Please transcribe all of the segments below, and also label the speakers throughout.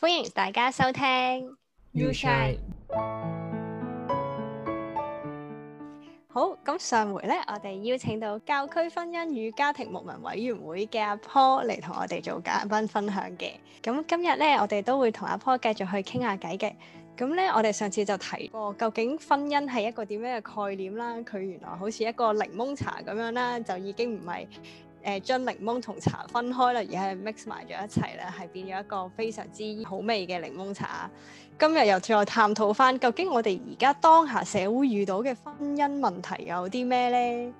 Speaker 1: 歡迎大家收聽。You try。好，咁上回咧，我哋邀請到教區婚姻與家庭牧民委員會嘅阿坡嚟同我哋做嘉賓分享嘅。咁今日咧，我哋都會同阿坡繼續去傾下偈嘅。咁咧，我哋上次就提過，究竟婚姻係一個點樣嘅概念啦？佢原來好似一個檸檬茶咁樣啦，就已經唔係。誒將檸檬同茶分開啦，而係 mix 埋咗一齊咧，係變咗一個非常之好味嘅檸檬茶。今日又再探討翻，究竟我哋而家當下社會遇到嘅婚姻問題有啲咩呢？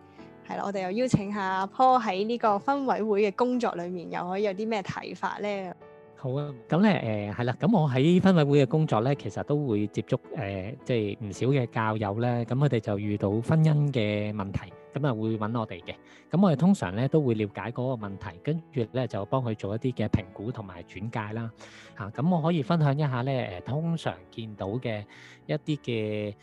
Speaker 1: 係啦，我哋又邀請下阿 p 坡喺呢個分委會嘅工作裏面，又可以有啲咩睇法呢？
Speaker 2: 好啊，咁咧誒係啦，咁、呃、我喺婚委會嘅工作咧，其實都會接觸誒、呃，即係唔少嘅教友咧，咁佢哋就遇到婚姻嘅問題，咁啊會揾我哋嘅，咁我哋通常咧都會了解嗰個問題，跟住咧就幫佢做一啲嘅評估同埋轉介啦，嚇、啊，咁我可以分享一下咧，誒通常見到嘅一啲嘅。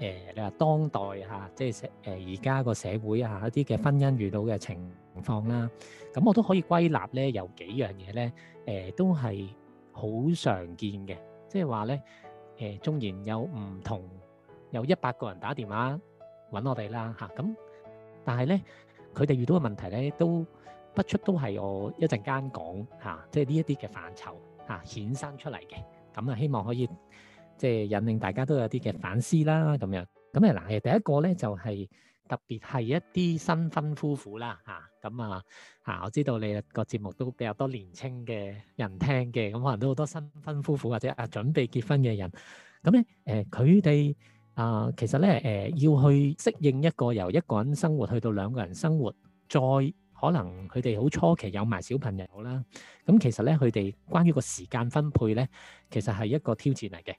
Speaker 2: 誒你話當代嚇，即係社誒而家個社會啊一啲嘅婚姻遇到嘅情情況啦，咁我都可以歸納咧有幾樣嘢咧，誒都係好常見嘅，即係話咧誒縱然有唔同，有一百個人打電話揾我哋啦嚇，咁但係咧佢哋遇到嘅問題咧都不出都係我一陣間講嚇，即係呢一啲嘅範疇嚇衍生出嚟嘅，咁啊希望可以。即係引領大家都有啲嘅反思啦，咁樣咁誒嗱，第一個咧就係特別係一啲新婚夫婦啦嚇，咁啊嚇，我知道你個節目都比較多年青嘅人聽嘅，咁可能都好多新婚夫婦或者啊準備結婚嘅人，咁咧誒佢哋啊其實咧誒要去適應一個由一個人生活去到兩個人生活，再可能佢哋好初期有埋小朋友啦，咁其實咧佢哋關於個時間分配咧，其實係一個挑戰嚟嘅。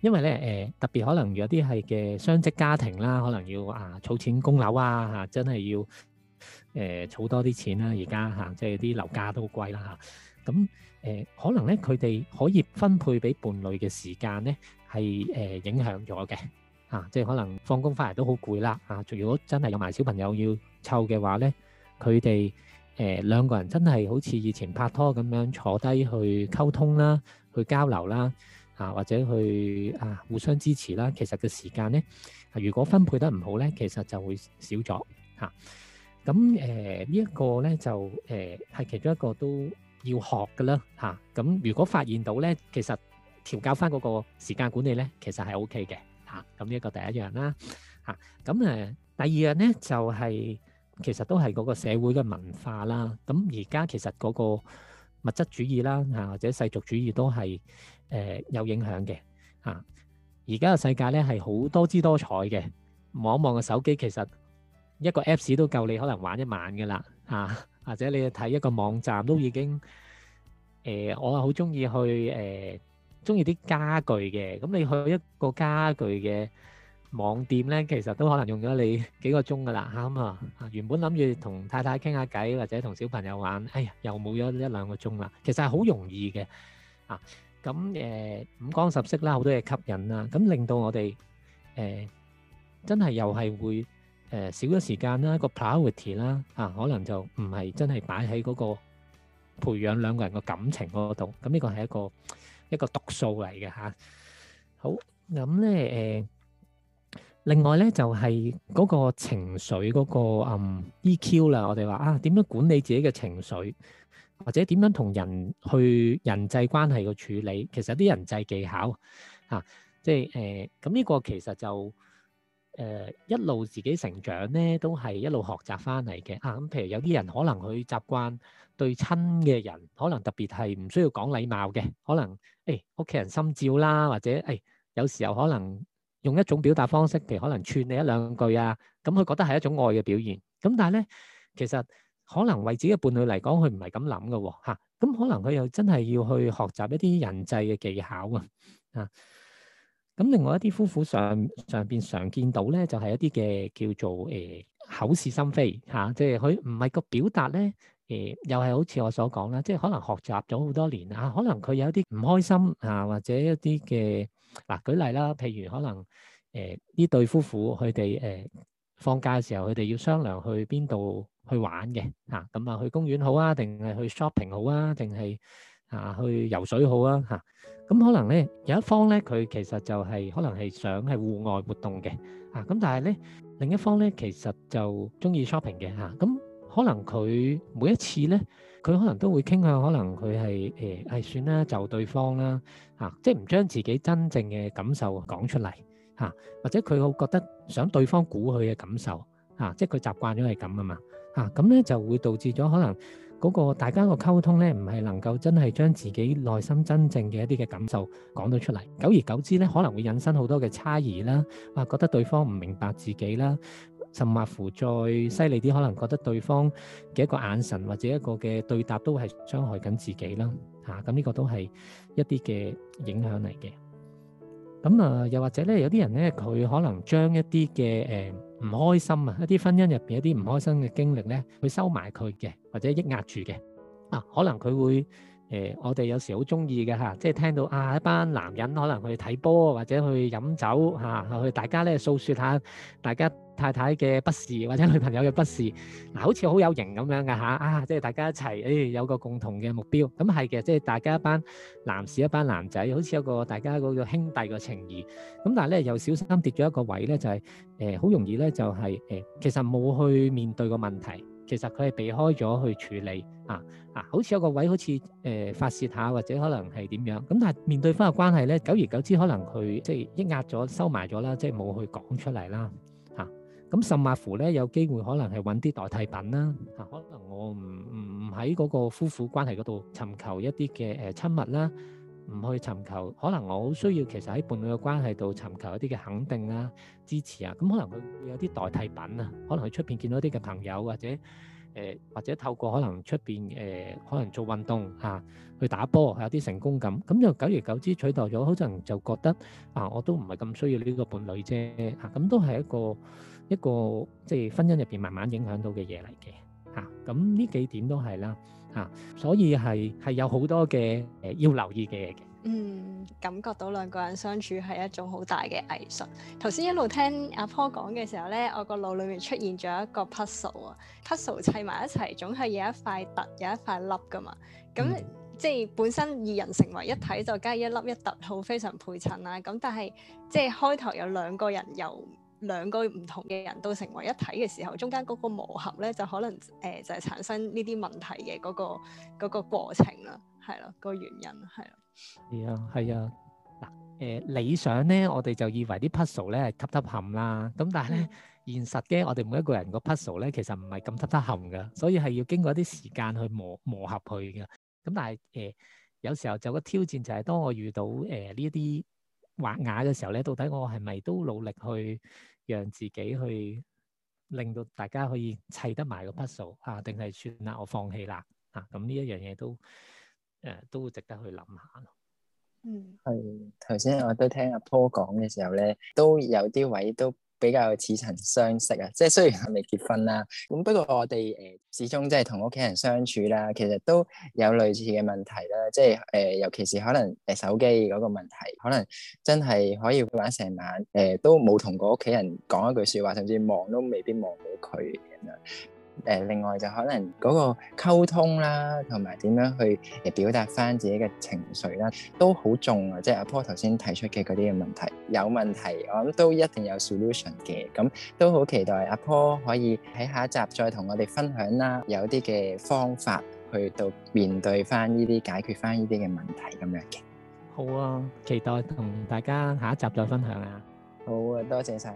Speaker 2: 因為咧，誒特別可能有啲係嘅雙職家庭啦，可能要啊儲錢供樓啊嚇，真係要誒儲多啲錢啦。而家嚇，即係啲樓價都好貴啦嚇。咁誒可能咧，佢哋可以分配俾伴侶嘅時間咧，係誒影響咗嘅啊。即係可能放工翻嚟都好攰啦啊。如果真係有埋小朋友要湊嘅話咧，佢哋誒兩個人真係好似以前拍拖咁樣坐低去溝通啦，去交流啦。啊，或者去啊，互相支持啦。其實個時間咧，如果分配得唔好咧，其實就會少咗嚇。咁誒呢一個咧就誒係其中一個都要學㗎啦嚇。咁如果發現到咧，其實調教翻嗰個時間管理咧，其實係 OK 嘅嚇。咁呢一個第一樣啦嚇。咁誒第二樣咧就係其實都係嗰個社會嘅文化啦。咁而家其實嗰個物質主義啦嚇，或者世俗主義都係。誒有影響嘅嚇，而家嘅世界咧係好多姿多彩嘅，望一望個手機其實一個 Apps 都夠你可能玩一晚嘅啦嚇，或者你去睇一個網站都已經誒，我係好中意去誒，中意啲傢俱嘅，咁你去一個傢俱嘅網店咧，其實都可能用咗你幾個鐘嘅啦嚇，咁啊，原本諗住同太太傾下偈或者同小朋友玩，哎呀又冇咗一兩個鐘啦，其實係好容易嘅啊。咁誒五光十色啦，好多嘢吸引啦，咁令到我哋誒真係又係會誒少咗時間啦，個 priority 啦啊，可能就唔係真係擺喺嗰個培養兩個人嘅感情嗰度。咁呢個係一個一個毒素嚟嘅嚇。好，咁咧誒，另外咧就係嗰個情緒嗰個嗯 EQ 啦，我哋話啊點樣管理自己嘅情緒？或者點樣同人去人際關係嘅處理，其實有啲人際技巧嚇，即係誒咁呢個其實就誒、呃、一路自己成長咧，都係一路學習翻嚟嘅啊。咁譬如有啲人可能佢習慣對親嘅人，可能特別係唔需要講禮貌嘅，可能誒屋企人心照啦，或者誒、哎、有時候可能用一種表達方式，譬如可能串你一兩句啊，咁佢覺得係一種愛嘅表現。咁但係咧，其實可能為自己嘅伴侶嚟講，佢唔係咁諗嘅喎，嚇，咁可能佢又真係要去學習一啲人際嘅技巧啊。咁另外一啲夫婦上上邊常見到咧，就係一啲嘅叫做誒口是心非嚇，即係佢唔係個表達咧誒，又係好似我所講啦，即係可能學習咗好多年啊，可能佢有一啲唔開心啊，或者一啲嘅，嗱舉例啦，譬如可能誒呢對夫婦佢哋誒放假嘅時候，佢哋要商量去邊度。去玩嘅嚇，咁啊去公園好啊，定係去 shopping 好啊，定係啊去游水好啊嚇。咁可能咧有一方咧，佢其實就係可能係想係戶外活動嘅啊。咁但係咧另一方咧，其實就鍾意 shopping 嘅嚇。咁可能佢每一次咧，佢可能都會傾向可能佢係誒係算啦就對方啦嚇，即係唔將自己真正嘅感受講出嚟嚇，或者佢好覺得想對方估佢嘅感受嚇，即係佢習慣咗係咁啊嘛。嚇，咁咧就會導致咗可能嗰個大家個溝通咧唔係能夠真係將自己內心真正嘅一啲嘅感受講到出嚟，久而久之咧可能會引申好多嘅差異啦，啊覺得對方唔明白自己啦，甚至乎再犀利啲，可能覺得對方嘅一個眼神或者一個嘅對答都係傷害緊自己啦。嚇，咁呢個都係一啲嘅影響嚟嘅。咁啊又或者咧，有啲人咧，佢可能將一啲嘅誒。唔開心啊！一啲婚姻入邊一啲唔開心嘅經歷咧，佢收埋佢嘅，或者抑壓住嘅啊，可能佢會。誒、呃，我哋有時好中意嘅嚇，即係聽到啊一班男人可能去睇波或者去飲酒嚇，去、啊、大家咧訴説下大家太太嘅不是，或者女朋友嘅不是啊，嗱好似好有型咁樣嘅吓，啊！即係大家一齊誒、哎、有個共同嘅目標，咁係嘅，即係大家一班男士一班男仔，好似有個大家嗰個兄弟嘅情誼。咁、嗯、但係咧又小心跌咗一個位咧，就係誒好容易咧就係、是、誒、呃、其實冇去面對個問題。其實佢係避開咗去處理啊啊，好似有個位好似誒發泄下，或者可能係點樣咁，但係面對返個關係咧，久而久之可能佢即係抑壓咗收埋咗啦，即係冇去講出嚟啦嚇。咁甚或乎咧，有機會可能係揾啲代替品啦嚇，可能我唔唔唔喺嗰個夫婦關係嗰度尋求一啲嘅誒親密啦。唔去尋求，可能我好需要其實喺伴侶嘅關係度尋求一啲嘅肯定啊、支持啊，咁可能佢會有啲代替品啊，可能去出邊見到啲嘅朋友或者誒，或者透過可能出邊誒，可能做運動嚇，去打波有啲成功感，咁就久而久之取代咗，可能就覺得啊，我都唔係咁需要呢個伴侶啫嚇，咁都係一個一個即係婚姻入邊慢慢影響到嘅嘢嚟嘅嚇，咁呢幾點都係啦。啊，所以係係有好多嘅誒、呃、要留意嘅嘢
Speaker 1: 嘅。嗯，感覺到兩個人相處係一種好大嘅藝術。頭先一路聽阿婆 a 講嘅時候咧，我個腦裡面出現咗一個 puzzle 啊，puzzle 砌埋一齊總係有一塊凸，有一塊凹噶嘛。咁、嗯、即係本身二人成為一體，就加一粒一凸，好非常配襯啊。咁但係即係開頭有兩個人又。兩個唔同嘅人都成為一體嘅時候，中間嗰個磨合咧，就可能誒、呃、就係、係、產生呢啲問題嘅嗰、嗰個嗰、嗰個、過程啦，係咯，嗰個原因係咯。
Speaker 2: 係啊，係啊。嗱、呃、誒理想咧，我哋就以為啲 puzzle 咧係吸揀冚啦，咁但係咧、嗯、現實嘅，我哋每一個人個 puzzle 咧其實唔係咁吸揀冚㗎，所以係要經過一啲時間去磨磨合佢㗎。咁但係誒有時候就個挑戰就係當我遇到誒呢一啲。呃畫押嘅時候咧，到底我係咪都努力去讓自己去令到大家可以砌得埋個筆數啊？定係算啦，我放棄啦啊！咁呢一樣嘢都誒、啊，都值得去諗下咯。嗯，係頭先我都聽阿 Paul 講嘅時候咧，都有啲位都。比較似曾相識啊！即係雖然係未結婚啦，咁不過我哋誒始終即係同屋企人相處啦，其實都有類似嘅問題啦。即係誒，尤其是可能誒手機嗰個問題，可能真係可以玩成晚，誒都冇同過屋企人講一句說話，甚至望都未必望到佢咁樣。誒，另外就可能嗰個溝通啦，同埋點樣去嚟表達翻自己嘅情緒啦，都好重啊！即係阿婆頭先提出嘅嗰啲嘅問題，有問題，我諗都一定有 solution 嘅。咁都好期待阿婆可以喺下一集再同我哋分享啦，有啲嘅方法去到面對翻呢啲解決翻呢啲嘅問題咁樣嘅。好啊，期待同大家下一集再分享啊！好啊，多謝晒。